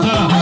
Tara, Tara.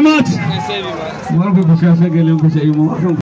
Thank much. very much.